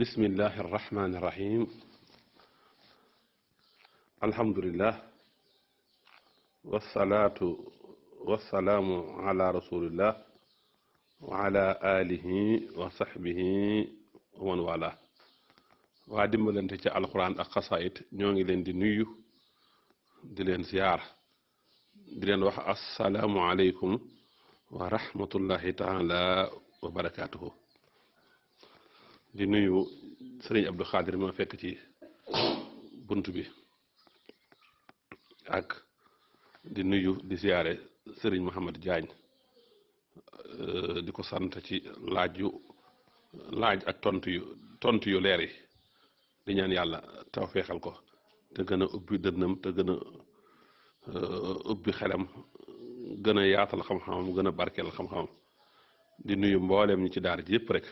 بسم الله الرحمن الرحيم الحمد لله والصلاة والسلام على رسول الله وعلى آله وصحبه ومن والاه وعدم لنتجاء القرآن القصائد نيوان لن دي نيو دي لن زيارة دي لن السلام عليكم ورحمة الله تعالى وبركاته di nuyu sëriñ Abdou Khadir ma fekk ci bunt bi ak di nuyu di siyaare sëriñ Mouhamed Diagne euh, di ko sant ci laaj yu laaj ak tont yu tontu yu leer yi di ñaan yàlla taw feexal ko te gën a ubbi dënnam te gën a euh, ubbi xelam gën a yaatal xam-xamam gën a barkeel xam-xamam di nuyu mbooleem ñi ci daara ji yëpp rek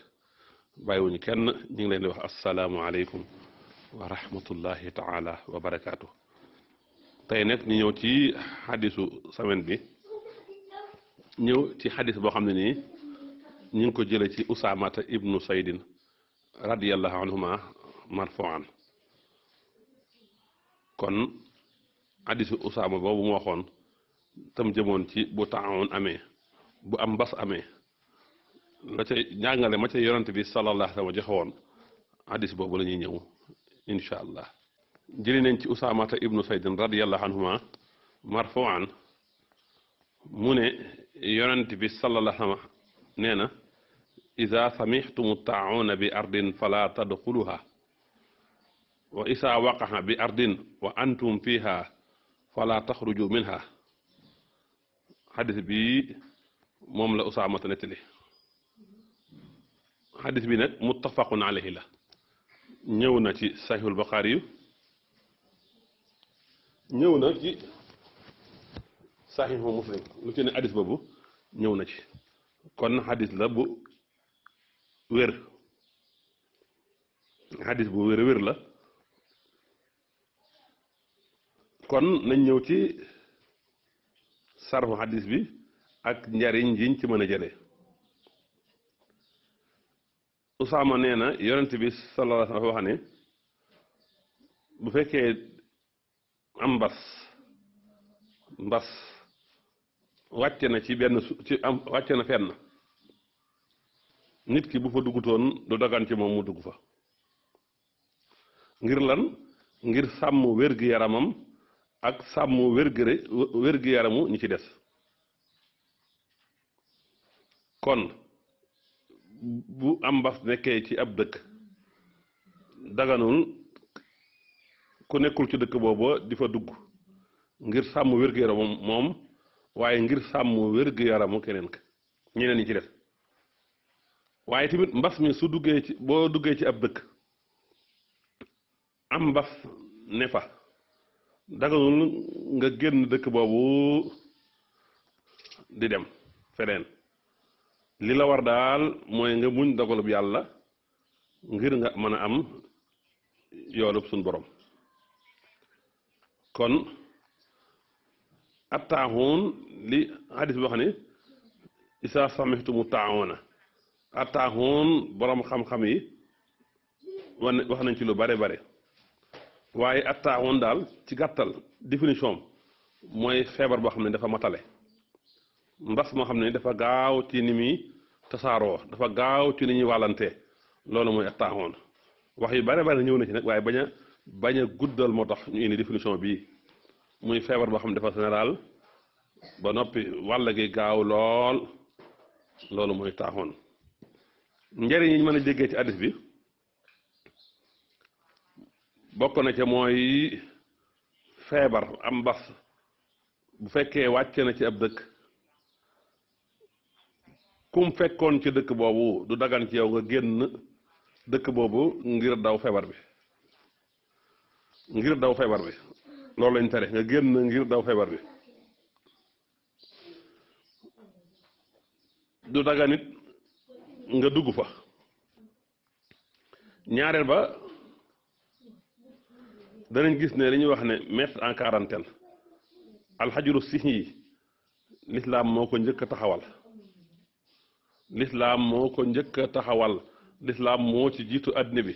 bàyyiwuñu kenn ñu ngi leen di wax asalaamualeykum wa rahmatullahi taala wa tey nag ñu ñëw ci xadisu semaine bi ñëw ci xadis boo xam ne nii ñu ngi ko jële ci usaamata ibnu saydin radiallahu anhuma marfoan kon xadisu usaama boobu mu waxoon tam jëmoon ci bu taawun amee bu am mbas amee la ca njàngale ma ca yonent bi sallallahu alayhi wa joxewoon hadis boobu la ñuy ñëw incha allah jëli nañ ci usaamata ibnu saydin radiallahu anhuma marfuan mu ne yonent bi sallallahu alayhi wa nee na ida samixtumu taawuna bi ardin fala tadxuluha wa isa waqaxa bi ardin fiha fala taxruju minha hadis bi moom la usaamata xadis bi nag muttafaqun alayhi la ñëw na ci saxiixul buxaari yu ñëw na ci saxiixu muslim lu ci ne xadis boobu ñëw na ci kon xadis la bu wér xadis bu wér wér la kon nañ ñëw ci sarxu xadis bi ak njariñ yiñ ci mën a jëlee Usaama nee na yonent bi sallallahu alayhi wa wax ne bu fekkee am mbas mbas wàcce na ci benn ci am wàcce na fenn nit ki bu fa duggutoon du dagan ci moom mu dugg fa ngir lan ngir sàmm wér-gi-yaramam ak sàmm wér wér-gi-yaramu ñi ci des kon bu am mbas nekkee ci ab dëkk daganul ku nekkul ci dëkk booba di fa dugg ngir sàmm wér-gu-yaramam moom waaye ngir sàmm wér-gu-yaramu keneen ka ñeneen ñi ci def waaye tamit mbas mi su duggee ci boo duggee ci ab dëkk am mbas ne fa daganul nga génn dëkk boobu di dem feneen li la war daal mooy nga muñ dogalub yàlla ngir nga mën a am yoolub suñ borom kon at taaxuun li hadis bi wax ni isaa samixtumu taaxuuna at taaxuun borom xam-xam yi wax nañ ci lu bare bare waaye at taaxuun daal ci gàttal définition mooy feebar boo xam ne dafa matale mbas moo xam ne dafa gaaw ci ni muy tasaaroo dafa gaaw ci ni ñuy wàllante loolu mooy attaaxoon wax yu bare bare ñëw na ci nag waaye bañ a bañ a guddal moo tax ñu indi définition bi muy feebar boo xam ne dafa général ba noppi wàll gaaw lool loolu mooy taaxoon njëriñ yi mën a jege ci addis bi bokk na ca mooy feebar am mbas bu fekkee wàcce na ci ab dëkk kum fekkoon ci dëkk boobu du dagan ci yow nga génn dëkk boobu ngir daw feebar bi ngir daw feebar bi loolu lañ tere nga génn ngir daw feebar bi du dagan nga dugg fa ñaareel ba danañ gis ne li ñuy wax ne mettre en quarantaine alxajuru six yi lislaam moo ko njëkk taxawal lislaam moo ko njëkk a taxawal lislaam moo ci jiitu àddina bi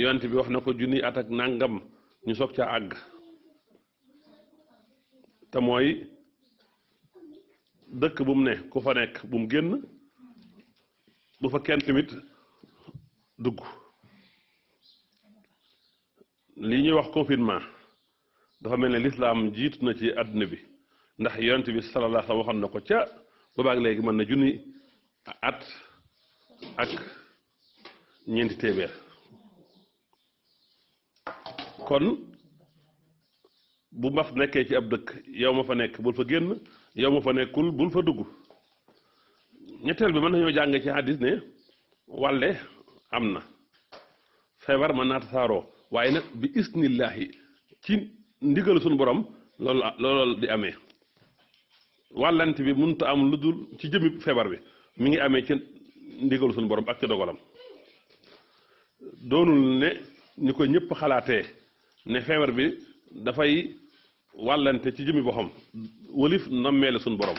yonent bi wax na ko junni at ak nàngam ñu soog ca àgg te mooy dëkk bu mu ne ku fa nekk bu mu génn bu fa kenn tamit dugg lii ñuy wax confinement dafa mel ne lislaam jiitu na ci àddina bi ndax yonent bi sallallahu alayhi wa sallam na ko ca boobaag léegi mën na junni at ak ñeenti téeméer kon bu mbas nekkee ci ab dëkk yow ma fa nekk bul fa génn yow ma fa nekkul bul fa dugg ñetteel bi mën nañoo jàng ci hadis ne wàlle am na feebar ma naa tasaaroo waaye nag bi isnillahi ci ndigal suñu borom loolu loolu di amee wàllante bi mënut am lu dul ci jëmi feebar bi mi ngi amee ci ndigalu suñu borom ak ci dogalam doonul ne ñu ko ñëpp xalaatee ne feebar bi dafay wàllante ci jëmmi boxam wëlif la suñu borom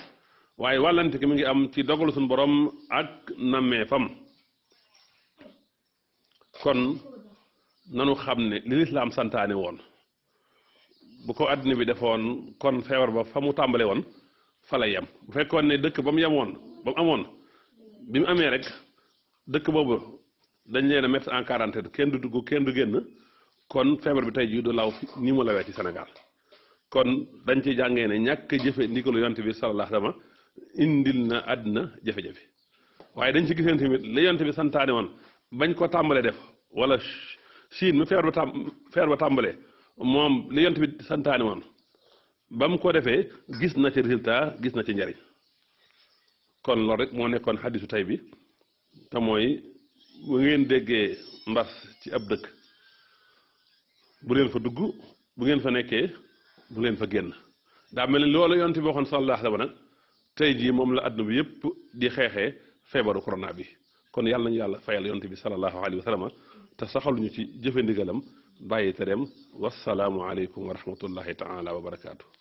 waaye wàllante ki mi ngi am ci dogalu suñu borom ak nammee fam kon nanu xam ne li am santaane woon bu ko àddina bi defoon kon feebar ba fa mu tàmbale woon fa la yem bu fekkoon ne dëkk ba mu yemoon ba mu amoon bi mu amee rek dëkk boobu dañ leen a mettre en quarantaine kenn du dugg kenn du génn kon feebar bi tey jii du law ni mu lawee ci senegal kon dañ ci jàngee ne ñàkk jëfe ndigalu yonte bi sallallahu alayhi wa sallam na àddina jafe waaye dañ ci giseen tamit yonte bi santaane woon bañ ko tàmbalee def wala Chine mu feebar ba tàm tàmbalee moom li yonte bi santaane woon ba mu ko defee gis na ci résultat gis na ci njariñ kon loolu rek moo nekkoon xaddisu tey bi te mooy bu ngeen déggee mbas ci ab dëkk bu leen fa dugg bu ngeen fa nekkee bu leen fa génn daa mel ni loolu yonent bi waxoon sallallahu alayhi wa sallam tey jii moom la àdduna bi yëpp di xeexee feebaru corona bi kon yàlla nañu yàlla fayal yont bi sallallahu alayhi wa sallam te saxaluñu ci jëfe ndigalam bàyyi tereem wasalaamu aleykum wa rahmatullahi taala wa barakaatu.